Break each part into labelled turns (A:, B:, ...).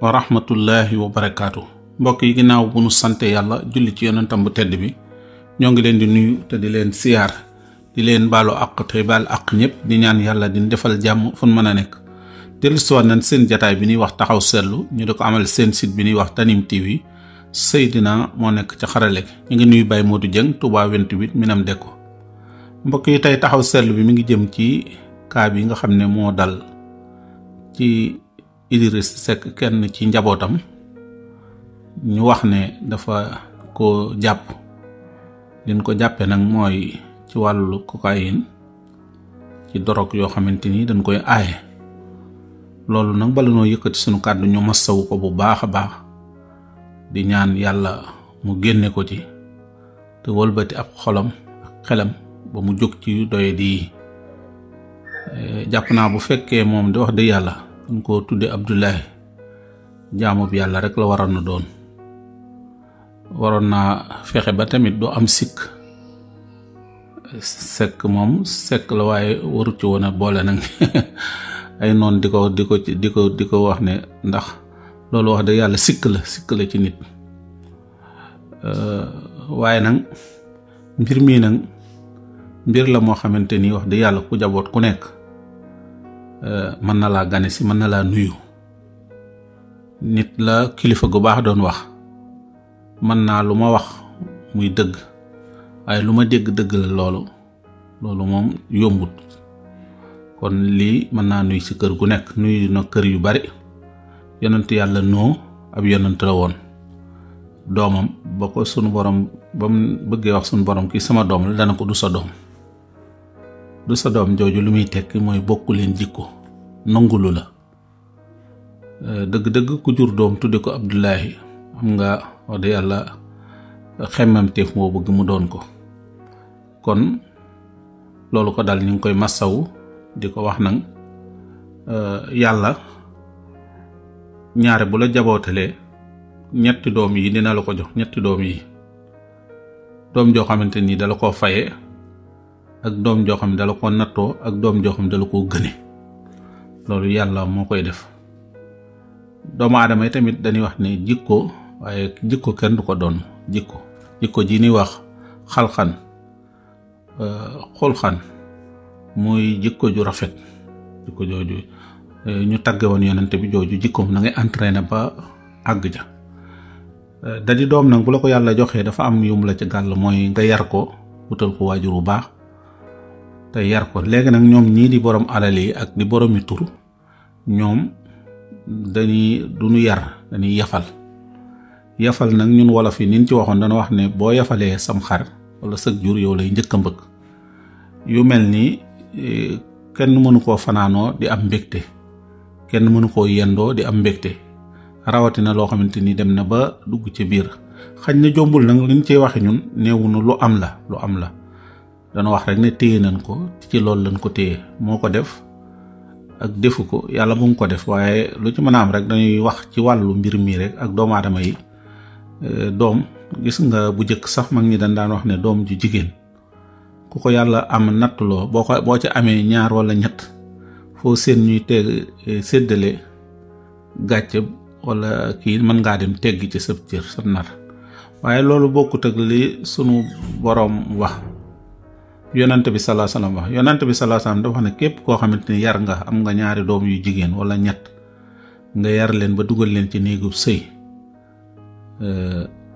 A: wa rahmatullahi wa barakaatu mbokk yi ginnaaw bu nu sante yàlla julli ci yonentam bu tedd bi ñoo ngi leen di nuyu te di leen siyaar di leen baalu àq te baal àq ñëpp di ñaan yàlla di defal jàmm fu mën a nekk dellusiwaat nañ seen jataay bi ñuy wax taxaw seetlu ñu di ko amal seen sit bi ñuy wax Tanim TV Seydina moo nekk ca xarale gi ñu ngi nuyu Baye Modou Dieng Touba 28 Minam Deko mbokk yi tey taxaw seetlu bi mi ngi jëm ci cas bi nga xam ne moo dal Idriss Seck kenn ci njabootam ñu wax ne dafa ko jàpp liñ ko jàppe nag mooy ci wàllu cocaïne ci dorog yoo xamante ni dañ koy aaye loolu nag bala noo yëkkati sunu kàddu ñu massawu ko bu baax a baax di ñaan yàlla mu génne ko ci te walbati ab xolom ak xelam ba mu jóg ci doye di eh, jàpp naa bu fekkee moom di wax dëgg yàlla dañ koo tudde Abdullahi jaamub yàlla rek la waroon na doon waroon naa fexe ba tamit du am sikk sekk moom sekk la waaye waru ci woon a boole nag ay noon di ko di ko di ko di ko wax ne ndax loolu wax dëgg yàlla sikk la sikk la ci nit waaye nag mbir mii nag mbir la moo xamante ni wax dëgg yàlla ku jaboot ku nekk Euh, mën na laa gane si mën na laa nuyu nit la kilifa gu baax doon wax mën naa lu ma wax muy dëgg waaye lu ma dégg dëgg la loolu loolu moom yombut kon lii mën naa nuyu ci kër gu nekk nuyu na kër yu bari yonent yàlla noo ab yonent la woon doomam ba ko sunu borom ba mu bëggee wax sunu borom kii sama doom la dana ko du sa doom du sa doom jooju lu muy tekk mooy bokku leen jikko nangulu la euh, dëgg-dëgg ku jur doom tudde ko Abdullahi am nga wax dëgg yàlla xemmamteef moo bëgg mu doon ko kon loolu ko dal ñu ngi koy massawu di ko wax nag euh, yàlla ñaare bu la jabootalee ñetti doom yi dina la ko jox ñetti doom yi doom joo xamante ni dala koo faye ak doom joo xam ne dala ko nattoo ak doom joo ne dala koo gëne loolu yàlla moo koy def doomu aadama yi tamit dañuy wax ne jikko waaye jikko kenn du ko doon jikko jikko ji ni wax xalxan euh, xulxan mooy jikko ju rafet jikko jooju euh, ñu tagge woon yonante bi jooju jikkoom na ngay entraîné ba àgg ja euh, da di doom nag bu la ko yàlla joxee dafa am yum la ci gàll mooy nga yar ko wutal ko waajur bu baax te yar ko léegi nag ñoom ñii di borom alal yi ak di boromi tur ñoom dañuy duñu yar dañuy yafal yafal nag ñun wolof yi niñ ci waxoon dana wax ne boo yafalee sam xar wala sëg jur yow lay njëkk a yu mel ni e, kenn mënu koo fanaanoo di am mbégte kenn mënu koo yendoo di am mbégte rawatina loo xamante ni dem na ba dugg ci biir xañ na jombul nag liñ ciy waxe ñun néewu nu lu am la lu am la dana wax rek ne téye nañ ko ci loolu lañ ko téye moo ko def ak defu ko yàlla mu ngi ko def waaye lu ci mën a am rek dañuy wax ci wàllu mbir mii rek ak doomu aadama yi euh, doom gis nga bu njëkk sax mag ñi dañ daan wax ne doom ju jigéen ku ko yàlla am nattuloo boo ko boo ci amee ñaar wala ñett foo seen ñuy teg euh, séddale gàcce wala kii mën ngaa dem teggi ci sab cër sab nar waaye loolu bokkut ak li sunu boroom wax yonent bi salaa salaam wax yonent bi salaa salaam dafa wax ne képp koo xamante ni yar nga am nga ñaari doom yu jigéen wala ñett nga yar leen ba dugal leen ci néegub sëy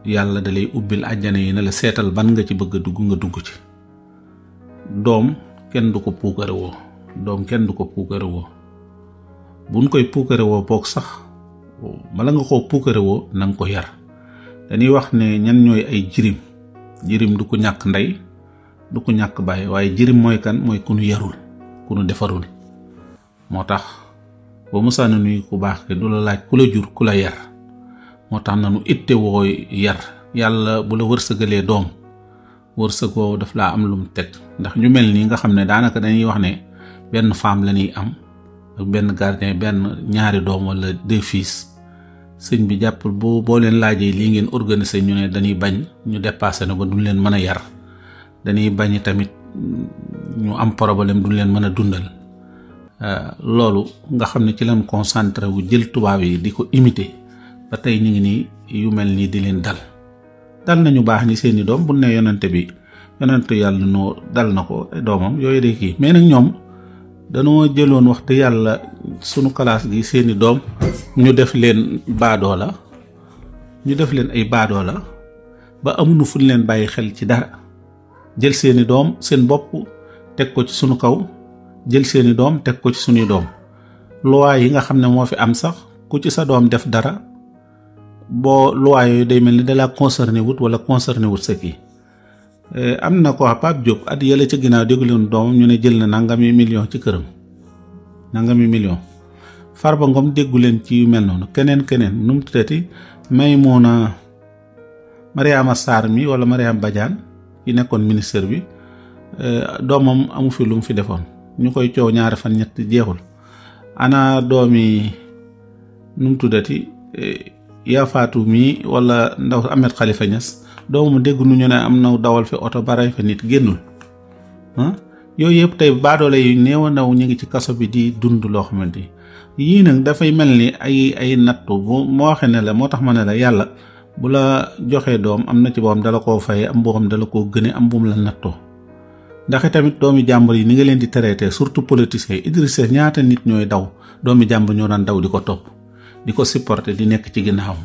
A: yàlla dalay ubbil àjjana yi ne la seetal ban nga ci bëgg a dugg nga dugg ci doom kenn du ko puukarewoo doom kenn du ko puukarewoo buñ koy puukarewoo boog sax bala nga koo puukarewoo nanga ko yar dañuy wax ne ñan ñooy ay jirim jirim du ko ñàkk ndey du ko ñàkk bàyyi waaye jirim mooy kan mooy ku nu yarul ku nu defarul moo tax boo mësaana nuyu ku baax ke du la laaj ku la jur ku la yar moo tax nanu itte woo yar yàlla bu la wërsëgalee doom wërsëg woowu daf laa am lu mu teg ndax ñu mel nii nga xam ne daanaka dañuy wax ne benn femme la ñuy am benn gardien benn ñaari doom walla deux fils sëñ bi jàppul boo boo leen laajee lii ngeen organiser ñu ne dañuy bañ ñu dépassé na ba duñ leen mën a yar dañuy bañ tamit ñu am problème du leen mën a dundal euh, loolu nga xam ne ci leen concentré wu jël tubaab yi di ko imiter ba tey ñu ngi nii yu mel nii di leen dal dal ñu baax ni seeni doom bu ne yonante bi yonantu yàlla noo dal na ko doomam yooyu de kii mais nag ñoom danoo jëloon waxtu yàlla sunu classe gi seeni doom ñu def leen baadoo la ñu def leen ay baadoo la ba amuñu fuñ leen bàyyi xel ci dara jël seeni doom seen bopp teg ko ci suñu kaw jël seeni doom teg ko ci suñuy doom luwaa yi nga xam ne moo fi am sax ku ci sa doom def dara boo luwaa yooyu day mel ni dalaa concerné wut wala concerné wut sa kii eh, am na ko Pape Diop at yële ca ginnaaw dégluwoon doomam ñu ne jël na nangami million ci këram nangami million ba Ngom déggu leen ci yu mel noonu keneen keneen nu mu tuddati Maymuna Mariama Sarr mi wala Mariama Badiane yi nekkoon ministère bi euh, doomam amu fi lu mu fi defoon ñu koy coow ñaari fan ñett jeexul anaa doomi nu mu tuddati eh, yaafaatu mii wala ndaw Ahmed xalifa ñas doomam dégg nu ñu ne am na dawal fi oto ba rey fa nit génnul ah, yooyu yëpp tey baadoole yu neewa ndaw ñu ngi ci kaso bi di dund loo xamante ni yii nag dafay mel ni ay ay nattu bu moo waxee ne moo tax ma ne la yàlla bu la joxee doom am na ci boo xam dala koo fay am boo dala koo gëne am buum la nattoo ndax tamit doomi jàmbur yi ni nga leen di traité surtout politiciens yi ñaata nit ñooy daw doomi jàmbur ñoo daan daw di ko topp di ko supporter di nekk ci ginnaawam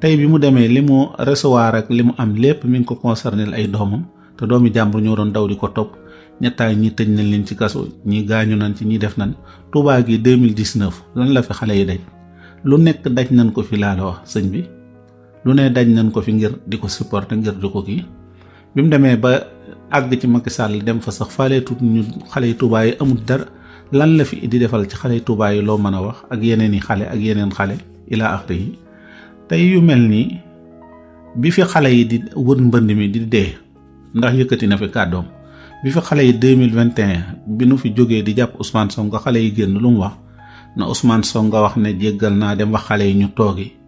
A: tey bi mu demee li mu recevoir ak li mu am lépp mi ngi ko concerné ay doomam te doomi jàmbur ñoo doon daw di ko topp ñettaay ñi tëj nañ leen ci kaso ñi gaañu nañ ci ñi def nañ Touba gi 2019 lan la fi xale yi daj lu nekk daj nañ ko fi laa wax sëñ bi. lu ne daj nañ ko fi ngir di ko supporter ngir di gi kii bi mu demee ba àgg ci Macky Sall dem fa sax faale tuut ñu xale yu Touba yi amul dara lan la fi di defal ci xale yu Touba yi loo mën a wax ak yeneen i xale ak yeneen xale ila axri yi tey yu mel nii bi fi xale yi di wër mbënd mi di dee ndax yëkkati na fi kàddoom bi fi xale yi deux mille vingt et bi nu fi jógee di jàpp Ousmane nga xale yi génn lu mu wax na Ousmane nga wax ne jéggal naa dem wax xale yi ñu toogi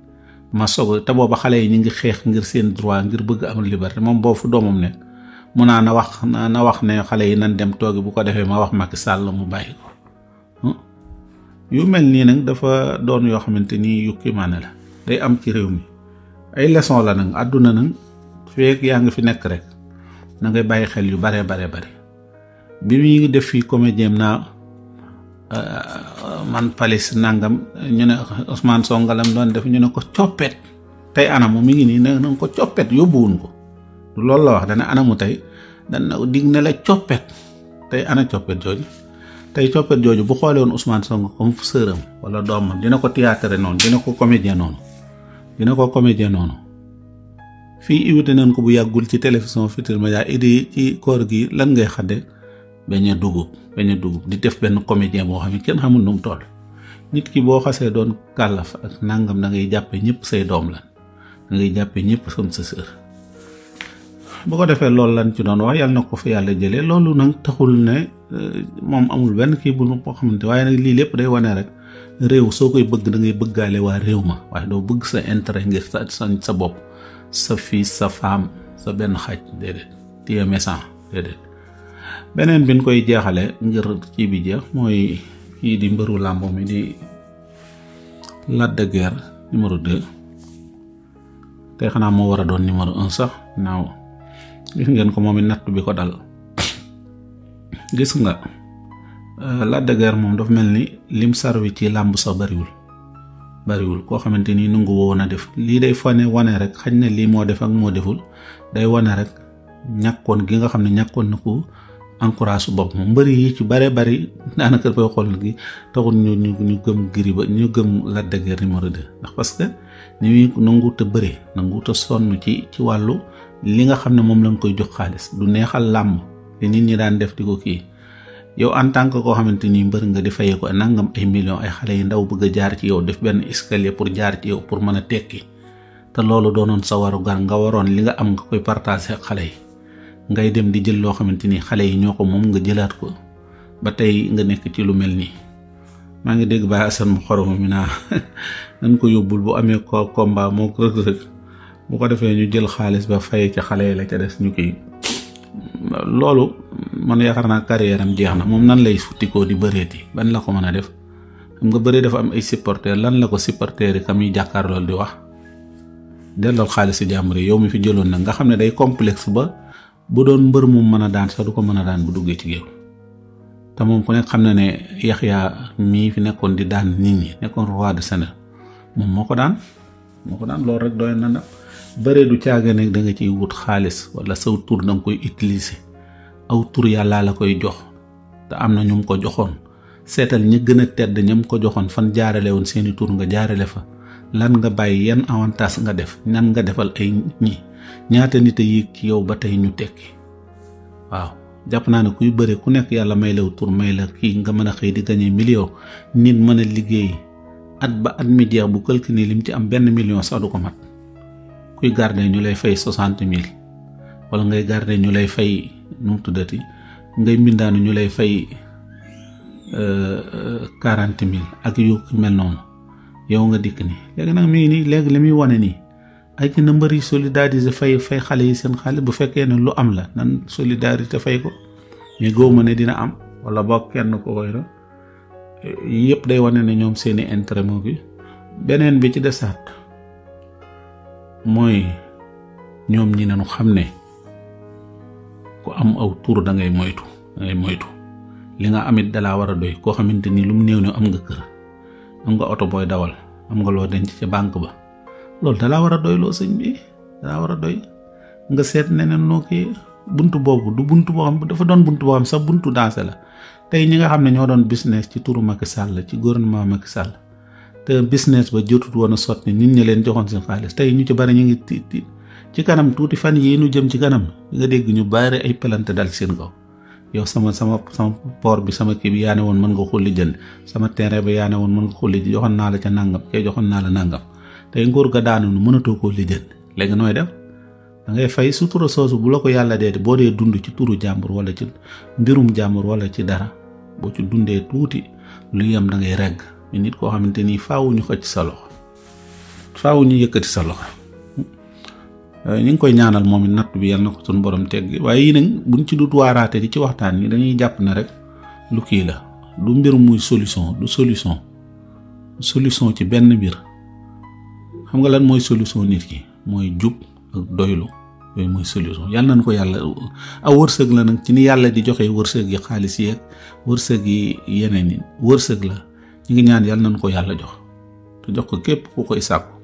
A: ma sog te booba xale yi ñu ngi xeex ngir seen droit ngir bëgg am liberté moom boo fu doomam ne mu naa a wax a wax ne xale yi nan dem toogi bu ko defee ma wax Macky Sall mu bàyyi ko yu mel nii nag dafa doon yoo xamante ni yu kiimaane la day am ci réew mi ay leçon la nag àdduna nag feek yaa ngi fi nekk rek na ngay bàyyi xel yu bare bare bare bi muy def fii comédien naa man palis nangam ñu ne Ousmane Songalam doon def ñu ne ko coppet tey anamu mi ngi nii ne na ko coppet yóbbuwun ko loolu la wax dana anamu tey dana dig ne la coppet tey ana coppet jooju tey coppet jooju bu xoolee woon Ousmane Sonko comme sëram wala doomam dina ko théâtre noonu dina ko comédien noonu dina ko comédien noonu fii invité nañ ko bu yàggul ci télévision Futurs Médias idi ci koor gi lan ngay xadde bañ a dugub bañ dugub di def benn comédien boo xam ne kenn xamul nu mu toll nit ki boo xasee doon kàllaf ak nangam da ngay jàppe ñëpp say doom lan da jàppe ñëpp sam sa sër bu ko defee loolu lan ci doon wax yàlla na ko fi yàlla jëlee loolu nag taxul ne euh, moom amul benn kii bu nu ko xamante waaye nag lii lépp day wane rek réew soo koy bëgg da ngay bëggaale waa réew ma waaye doo bëgg sa intérêt ngir sa sa bopp sa fils sa femme sa benn xaj déedéet téye message beneen bi ñu koy jeexale ngir kii bi jeex mooy kii di mbëru làmb mi di Lac de Guiers numéro 2 xanaa moo war a doon numéro un sax naaw gis ngeen ko moom it natt bi ko dal gis nga euh, Lac de moom dafa mel ni lim sarwi ci làmb sax bariwul bariwul koo xamante nii nangu woon a def lii day fane wane rek xañ na lii moo def ak moo deful day wane rek ñàkkoon gi nga xam ne ñàkkoon na ko encourage su bopp moom mbëri yi ci bare bari daanaka dafay xool gi taxul ñu ñu ñu gëm Gris ba ñu gëm Lac de Guiers numéro 2 ndax parce que ni muy nanguut a bëre nanguut ci ci wàllu li nga xam ne moom lañ koy jox xaalis du neexal làmm te nit ñi daan def di ko kii yow en tant que koo xamante ni mbër nga di fayee ko nangam ay millions ay xale yu ndaw bëgg a jaar ci yow def benn escalier pour jaar ci yow pour mën a tekki te loolu doonoon sa warugar nga waroon li nga am nga koy partagé xale yi. ngay dem di jël loo xamante ni xale yi ñoo ko moom nga jëlaat ko ba tey nga nekk ci lu mel nii maa ngi dégg Baye Assane mu xoromu mi naa nan ko yóbbul bu amee ko moo ko Reug ko defee ñu jël xaalis ba fay ci xale yi la ca des ñu kii loolu man yaakaar naa carrière jeex na moom nan lay futtikoo di bëreeti ban la ko mën a def xam nga bëree dafa am ay supporters lan la ko supporters yi kam yi jàkkaarlool di wax xaalis xaalisu jàmbur yi yow mi fi jëloon nag nga xam ne day complexe ba. bu doon mbër mu mën a daan sax du ko mën a daan bu duggee ci géew te moom ku nekk xam na ne Yaxya mii fi nekkoon di daan nit ñi nekkoon roi de Sénégal moom moo ko daan moo ko daan loolu rek doy na nag du caaga ne da ciy wut xaalis wala saw tur da koy utiliser aw tur yàllaa la koy jox te am na ñu mu ko joxoon seetal ñi gën a tedd ñam ko joxoon fan jaarale woon seeni tur nga jaarale fa lan nga bàyyi yan avantage nga def ñan nga defal ay ñi ñaata nit a yéeg ci yow ba tey ñu tekki waaw jàpp naa ne kuy bëre ku nekk yàlla may law tur may la kii nga mën a xëy di gagné million nit mën a liggéey at ba at mi jeex bu calculé ni lim ci am benn million sax du ko mat kuy garder ñu lay fay soixante mille wala ngay garder ñu lay fay nu mu tuddati ngay mbindaanu ñu lay fay euh, quarante mille ak yu mel noonu yow nga dikk ni léegi nag mi ngi li muy wane nii ak na mbëri yi solidarité fay fay xale yi seen xale bu fekkee ne lu am la nan solidarité fay ko mais góob ne dina am wala boog kenn ko koy la yëpp day wane ne ñoom seeni intérêt moo bi beneen bi ci desaat mooy ñoom ñi nañu xam ne ku am aw tur da ngay moytu da moytu li nga amit dalaa war a doy koo xamante ni lu mu néew ne am nga kër am nga oto booy dawal am nga loo denc ca banque ba loolu dalaa war a doy loo sëñ bi dalaa war a doy nga seet neneen noo kii buntu boobu du buntu boo xam dafa doon buntu boo xam sax buntu dansé la tey ñi nga xam ne ñoo doon business ci turu Macky Sall ci gouvernement Macky Sall te business ba jotut woon a sotti nit ñi leen joxoon seen xaalis tey ñu ci bari ñu ngi tiit tiit ci kanam tuuti fan yii nu jëm ci kanam nga dégg ñu bari ay pelante dal seen kaw yow sama sama sama port bi sama kii bi yaa ne woon mën nga ko lijjanti sama terrain bi yaa ne woon mën nga ko lijjanti joxoon naa la ca nàngam kay joxoon naa la nàngam. tey nguur ga daanu nu mënatoo koo lijjanti léegi nooy def da ngay fay sutura soosu bu la ko yàlla dee de boo dee dund ci turu jàmbur wala ci mbirum jàmbur wala ci dara boo ci dundee tuuti lu yem da ngay regg mais nit koo xamante ni faawu ñu xëcc sa loxo faawu ñu yëkkati sa loxo. Eh, ñu ngi koy ñaanal moom it natt bi yal na ko suñu borom teggi waaye yii nag buñ ci dut waaraate di ci waxtaan ni dañuy jàpp na rek lu kii la du mbir muy solution du solution solution ci benn mbir xam nga lan mooy solution nit ki mooy jub ak doylu yooyu mooy solution nañ ko yàlla aw wërsëg la nag ci ni yàlla di joxe wërsëg yi xaalis yeeg wërsëg yi yeneen yi wërsëg la ñu ngi ñaan yàlla nañ ko yàlla jox jox ko képp ku koy sàkku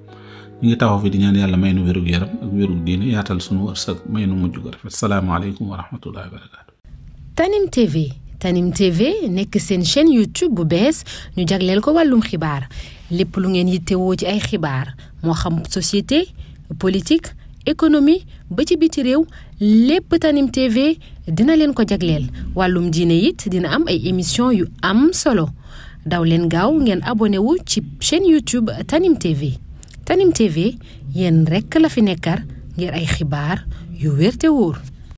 A: ñu ngi taxaw fi di ñaan yàlla may nu wérug yaram ak wérug diine yaatal sunu wërsëg may nu mujj ko rafet salaamaaleykum wa rahmatullahi wa barakaatu.
B: Tanim TV Tanim TV nekk seen chaîne YouTube bu bees ñu jagleel ko wàllum xibaar. lépp lu ngeen yittewoo ci ay xibaar moo xam société politique économie ba ci biti réew lépp Tanim dina leen ko jagleel wàllum diine it dina am ay émission yu am solo daw leen gaaw ngeen abonné wu ci chaîne YouTube Tanim TV Tanim TV rekk la fi nekkar ngir ay xibaar yu wér te wóor